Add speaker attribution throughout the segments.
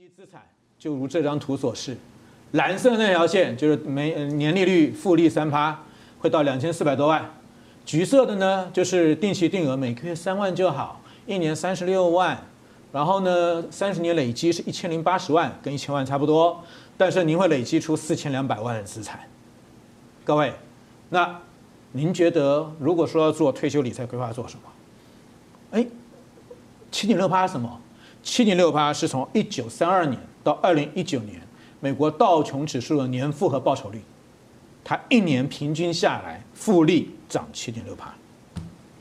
Speaker 1: 累積資產，就如這張圖所示，藍色那條線就是每年利率複利三趴，會到兩千四百多萬；橘色的呢，就是定期定額，每個月三萬就好，一年三十六萬，然後呢，三十年累積是一千零八十萬，跟一千萬差不多，但是您會累積出四千兩百萬的資產。各位，那您覺得，如果說要做退休理財規劃，做什麼哎76？哎，七點六趴是什麼？七點六八是從一九三二年到二零一九年美國道瓊指數的年複合報酬率，它一年平均下來複利漲七點六八。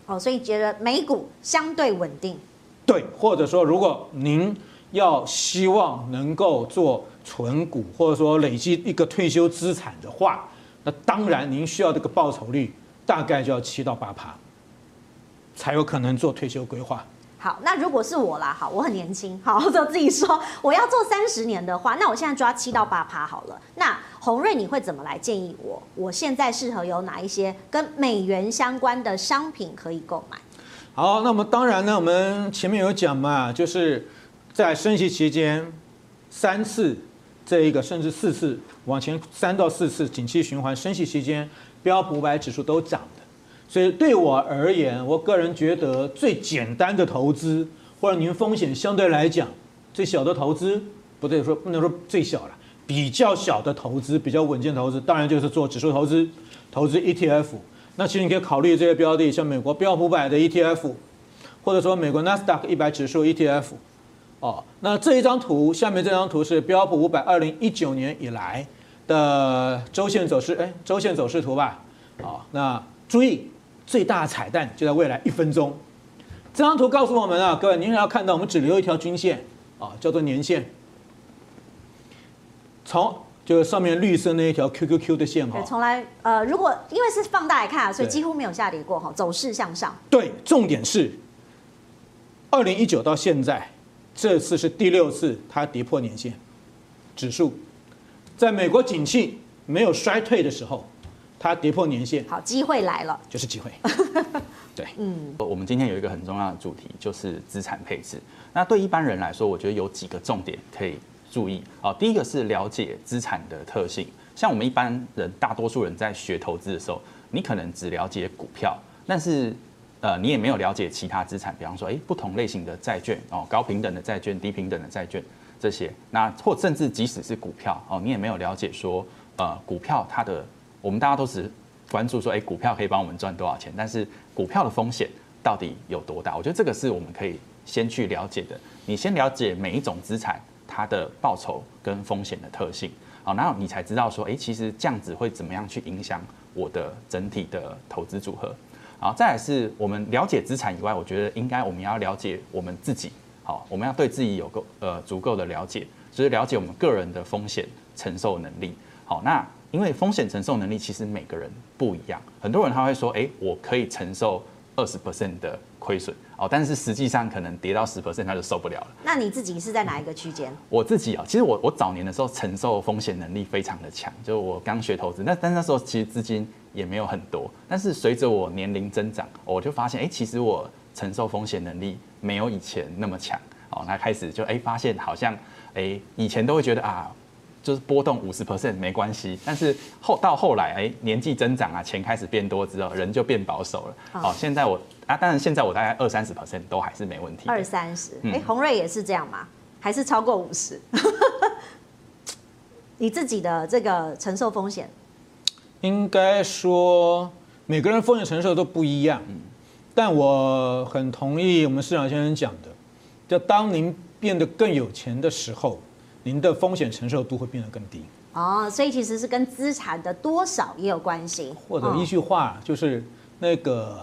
Speaker 2: 哦，所以覺得美股相對穩定。
Speaker 1: 對，或者說如果您要希望能夠做存股，或者說累積一個退休資產的話，那當然您需要這個報酬率大概就要七到八趴，才有可能做退休規劃。
Speaker 2: 好，那如果是我啦，好，我很年輕，好，我就自己說我要做三十年的話，那我現在抓七到八趴好了。那洪瑞，你會怎麼來建議我？我現在適合有哪一些跟美元相關的商品可以購買？
Speaker 1: 好，那麼當然呢，我們前面有講嘛，就是在升息期間三次這一個，甚至四次往前三到四次景氣循環升息期間，標普五百指數都漲。所以對我而言，我個人覺得最簡單的投資，或者您風險相對來講最小的投資，不對，說不能說最小了，比較小的投資，比較穩健投資，當然就是做指數投資，投資 ETF。那其實你可以考慮這些標的，像美國標普五百的 ETF，或者說美國納斯達克一百指數 ETF。哦，那這一張圖下面這張圖是標普五百二零一九年以來的週線走勢，哎，週線走勢圖吧。好，那注意。最大的彩蛋就在未來一分鐘。這張圖告訴我們啊，各位，你也要看到我們只留一條均線啊，叫做年線。從就是上面綠色那一條 QQQ 的線嘛，
Speaker 2: 從來呃，如果因為是放大來看啊，所以幾乎沒有下跌過哈，走勢向上。對，
Speaker 1: 重點是二零一九到現在，這次是第六次它跌破年線，指數在美國景氣沒有衰退
Speaker 3: 的時候它跌破年線，好，機
Speaker 2: 會來了，
Speaker 3: 就是機會。 對，嗯，我們今天有一個很重要的主題，就是資產配置。那對一般人來說，我覺得有幾個重點可以注意。好、哦，第一個是了解資產的特性。像我們一般人，大多數人在學投資的時候，你可能只了解股票，但是，呃，你也沒有了解其他資產，比方說，誒、欸，不同類型的債券哦，高評等的債券、低評等的債券這些。那或甚至即使是股票哦，你也沒有了解說，呃，股票它的。我們大家都只關注說，哎、欸，股票可以幫我們賺多少錢？但是股票的風險到底有多大？我覺得這個是我們可以先去了解的。你先了解每一種資產它的報酬跟風險的特性，好，然後你才知道說，哎、欸，其實這樣子會怎麼樣去影響我的整體的投資組合。好，再來是我們了解資產以外，我覺得應該我們要了解我們自己，好，我們要對自己有個呃足夠的了解，所以了解我們個人的風險承受能力。好，那。因為風險承受能力其實每個人不一樣，很多人他會說：“哎，我可以承受二十 percent 的虧損哦。”但是實際上可能跌到十 percent 他就受不了了。
Speaker 2: 那你自己是在哪一個區間？嗯，
Speaker 3: 我自己啊，哦，其實我我早年的時候承受風險能力非常的強，就我剛學投資，那但是那時候其實資金也沒有很多。但是隨着我年齡增長，我就發現，哎，其實我承受風險能力沒有以前那麼強哦。那開始就哎發現好像，哎以前都會覺得啊。就是波動五十 percent 沒關係，但是後到後來，哎、欸，年紀增長啊，錢開始變多之後，人就變保守了。好、oh. 哦，現在我啊，當然現在我大概二三十 percent 都還是沒問題。
Speaker 2: 二三十，哎、欸，嗯、洪瑞也是這樣嗎？還是超過五十？你自己的這個承受風險？
Speaker 1: 應該說每個人風險承受都不一樣。嗯，但我很同意我們市場先生講的，就當您變得更有錢的時候。您的風險承受度會變得更低
Speaker 2: 哦，所以其實是跟資產的多少也有關係。或者一句
Speaker 1: 話，哦，就是那個。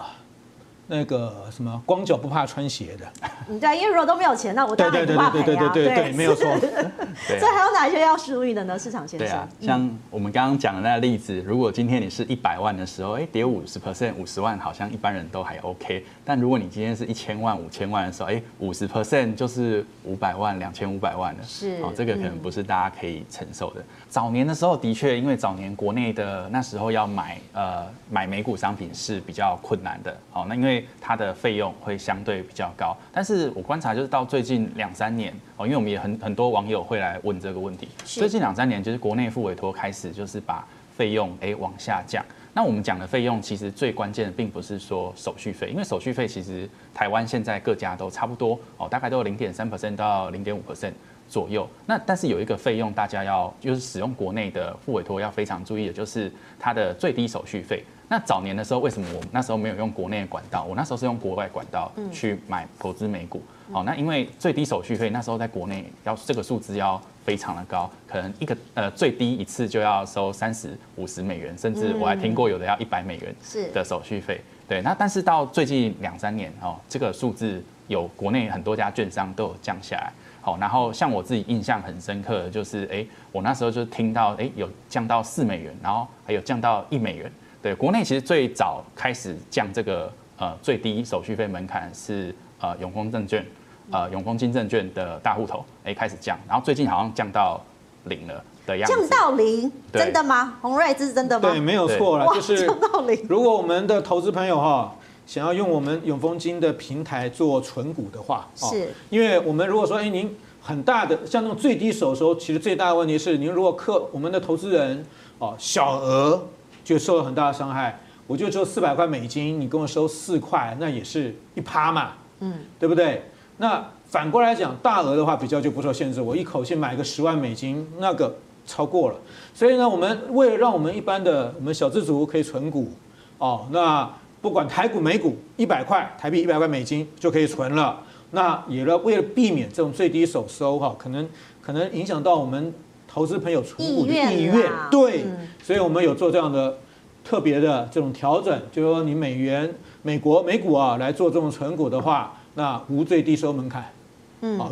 Speaker 1: 那個
Speaker 3: 什麼光腳不怕穿鞋的，嗯
Speaker 2: 對，因為如果都沒有錢，那我當然不怕被砸，對沒有錯。 對所以還有哪些要輸贏的
Speaker 3: 呢？市
Speaker 2: 場先生、對啊。像
Speaker 3: 我們剛剛講的那個例子，如果今天你是一百萬的時候，哎，跌五十 percent，五十萬好像一般人都還 OK。但如果你今天是一千萬、五千萬的時候，哎，五十 percent 就是五百萬、兩千五百萬了，是哦，這個可能不是大家可以承受的。嗯、早年的時候的確，因為早年國內的那時候要買呃買美股商品是比較困難的，好、哦，那因為。它的費用會相對比較高，但是我觀察就是到最近兩三年哦，因為我們也很很多網友會來問這個問題。是最近兩三年就是國內複委託開始就是把費用誒、欸、往下降。那我們講的費用其實最關鍵的並不是說手續費，因為手續費其實台灣現在各家都差不多哦，大概都有零點三 percent 到零點五 percent 左右。那但是有一個費用大家要就是使用國內的複委託要非常注意的就是它的最低手續費。那早年的時候，為什麼我那時候沒有用國內的管道？我那時候是用國外管道去買投資美股。哦，那因為最低手續費，那時候在國內要這個數字要非常的高，可能一個呃最低一次就要收三十五十美元，甚至我還聽過有的要一百美元的手續費。對，那但是到最近兩三年哦，這個數字有國內很多家券商都有降下來。好，然後像我自己印象很深刻的就是，哎，我那時候就聽到，哎，有降到四美元，然後還有降到一美元。對，國內其實最早開始降這個呃最低手續費門檻是呃永豐證券，呃永豐金證券的大戶頭哎開始降，然後最近好像降到零了的樣子。降
Speaker 2: 到零，對真的嗎？紅瑞，這是真的嗎？對，沒有錯了，對就是
Speaker 1: 降到零。如果我們的投資朋友哈、哦哦，想要用我們永豐金的平台做存股的話、哦，是，因為我們如果說哎您很大的像那種最低手收，其實最大的問題是您如果客我們的投資人哦小額。就受了很大的傷害。我就只有四百塊美金，你跟我收四塊，那也是一趴嘛，嗯，對不對？那反過來講，大額的話比較就不受限制，我一口氣買個十萬美金，那個超過了。所以呢，我們為了讓我們一般的我們小資族可以存股，哦，那不管台股美股，一百塊台幣一百塊美金就可以存了。那也為了為了避免這種最低手收哈，哦，可能可能影響到我們。投資朋友存股的意願，對，所以，我們有做這樣的特別的這種調整，就是說，你美元、美國、美股啊，來做這種存股的話，那無最低收門檻，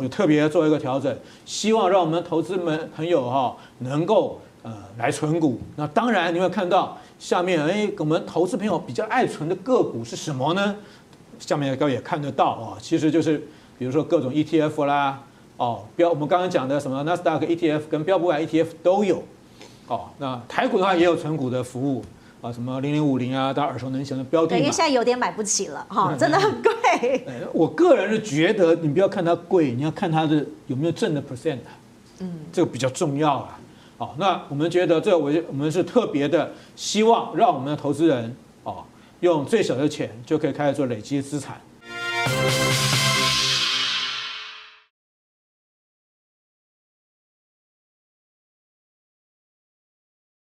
Speaker 1: 有特別做一個調整，希望讓我們投資們朋友哈能夠呃來存股。那當然，你會看到下面，哎，我們投資朋友比較愛存的個股是什麼呢？下面各位也看得到啊，其實就是比如說各種 ETF 啦。哦，標我們剛剛講的什麼納斯達克 ETF 跟標普版 ETF 都有，哦，那台股的話也有存股的服務啊，什麼零零五零啊，大家耳熟能詳的標的。等於現
Speaker 2: 在有點買不起了，哈，真的很貴。
Speaker 1: 我個人是覺得，你不要看它貴，你要看它的有沒有正的 percent 嗯，這個比較重要啊。哦，那我們覺得這，我就我們是特別的希望讓我們的投資人哦，用最小的錢就可以開始做累積資產。